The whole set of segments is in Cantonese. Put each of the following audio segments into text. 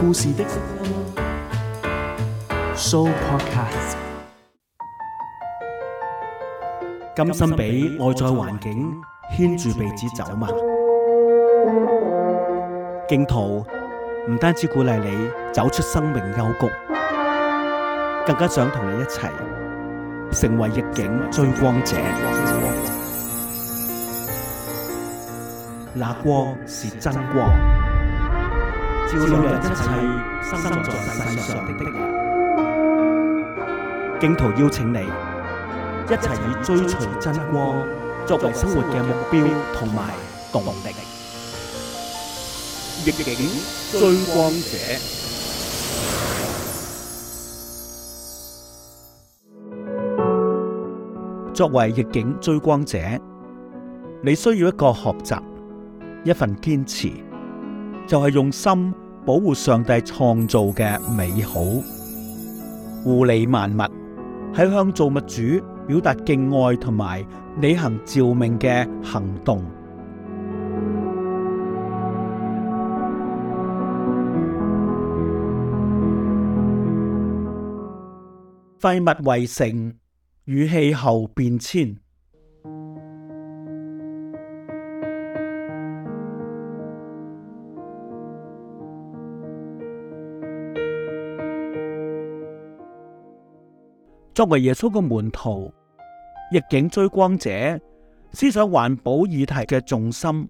故事的 So Podcast，甘心俾外在環境牽住鼻子走嘛？荊徒唔單止鼓勵你走出生命幽谷，更加想同你一齊成為逆境追光者。那光是真光。照亮一切生存在世上的的人，荊徒邀請你一齊以追隨真光作為生活嘅目標同埋動力。逆境追光者，作為逆境追光者，你需要一個學習，一份堅持，就係用心。保護上帝創造嘅美好，護理萬物，係向造物主表達敬愛同埋履行召命嘅行動。廢物圍城與氣候變遷。作為耶穌嘅門徒，逆境追光者，思想環保議題嘅重心，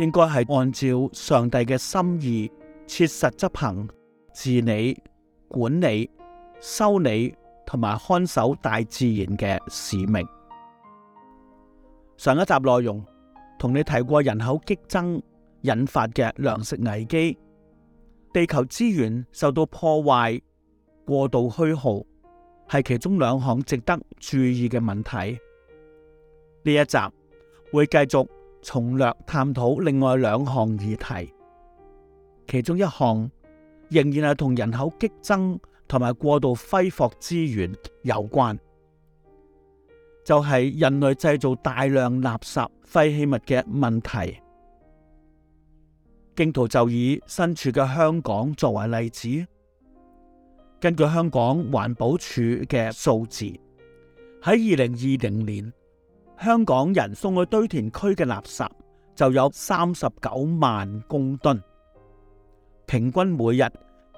應該係按照上帝嘅心意，切實執行治理、管理、修理同埋看守大自然嘅使命。上一集內容同你提過人口激增引發嘅糧食危機，地球資源受到破壞、過度虛耗。係其中兩項值得注意嘅問題，呢一集會繼續從略探討另外兩項議題，其中一項仍然係同人口激增同埋過度揮霍資源有關，就係、是、人類製造大量垃圾廢棄物嘅問題。荊徒就以身處嘅香港作為例子。根據香港環保署嘅數字，喺二零二零年，香港人送去堆填區嘅垃圾就有三十九萬公噸，平均每日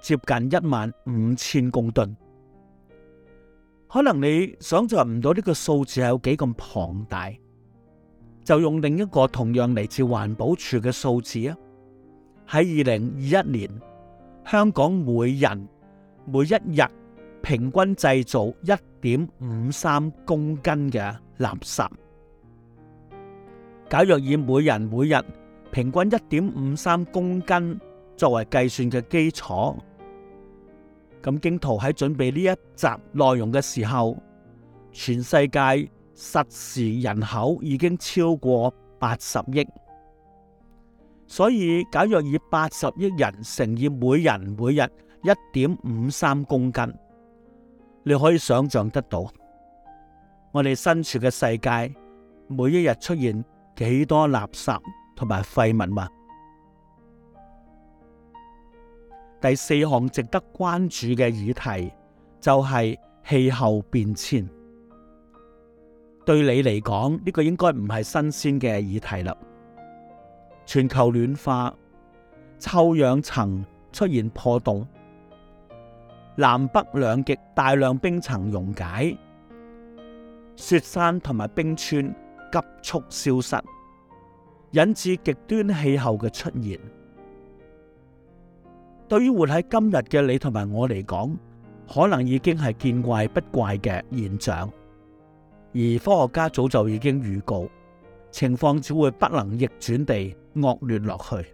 接近一萬五千公噸。可能你想象唔到呢個數字係有幾咁龐大，就用另一個同樣嚟自環保署嘅數字啊。喺二零二一年，香港每人每一日平均製造一點五三公斤嘅垃圾，假若以每人每日平均一點五三公斤作為計算嘅基礎，咁荊徒喺準備呢一集內容嘅時候，全世界實時人口已經超過八十億，所以假若以八十億人乘以每人每日，一點五三公斤，你可以想象得到，我哋身處嘅世界，每一日出現幾多垃圾同埋廢物嘛？第四項值得關注嘅議題就係氣候變遷，對你嚟講呢個應該唔係新鮮嘅議題啦。全球暖化，臭氧層出現破洞。南北兩極大量冰層溶解，雪山同埋冰川急速消失，引致極端氣候嘅出現。對於活喺今日嘅你同埋我嚟講，可能已經係見怪不怪嘅現象。而科學家早就已經預告，情況只會不能逆轉地惡劣落去。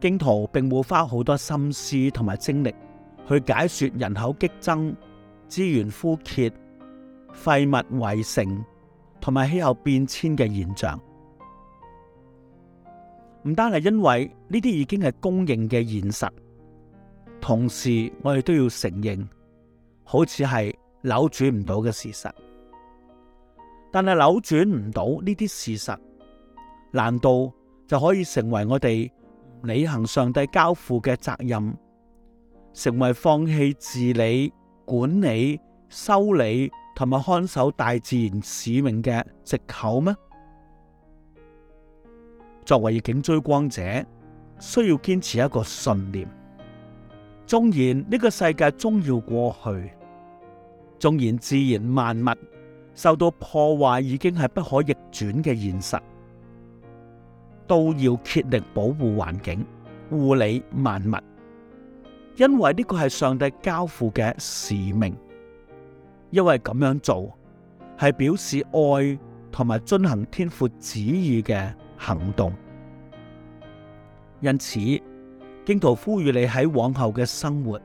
荊徒並冇花好多心思同埋精力。去解說人口激增、資源枯竭、廢物圍城同埋氣候變遷嘅現象，唔單係因為呢啲已經係公認嘅現實，同時我哋都要承認，好似係扭轉唔到嘅事實。但係扭轉唔到呢啲事實，難道就可以成為我哋唔履行上帝交付嘅責任，成為放棄治理、管理、修理同埋看守大自然使命嘅借口咩？作為逆境追光者，需要堅持一個信念：縱然呢個世界終要過去，縱然自然萬物受到破壞已經係不可逆轉嘅現實，都要竭力保護環境、護理萬物。因為呢個係上帝交付嘅使命，因為咁樣做係表示愛同埋遵行天父旨意嘅行動。因此，荊徒呼籲你喺往後嘅生活，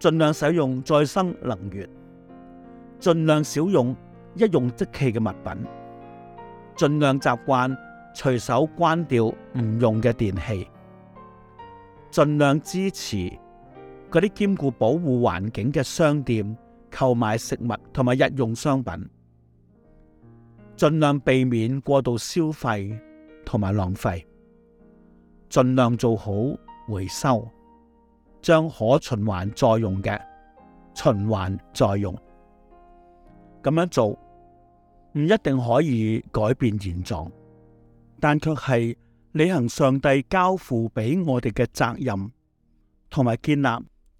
盡量使用再生能源，盡量少用一用即棄嘅物品，盡量習慣隨手關掉唔用嘅電器，盡量支持。嗰啲兼顧保護環境嘅商店，購買食物同埋日用商品，盡量避免過度消費同埋浪費，盡量做好回收，將可循環再用嘅循環再用。咁樣做唔一定可以改變現狀，但卻係履行上帝交付俾我哋嘅責任，同埋建立。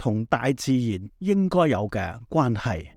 同大自然應該有嘅關係。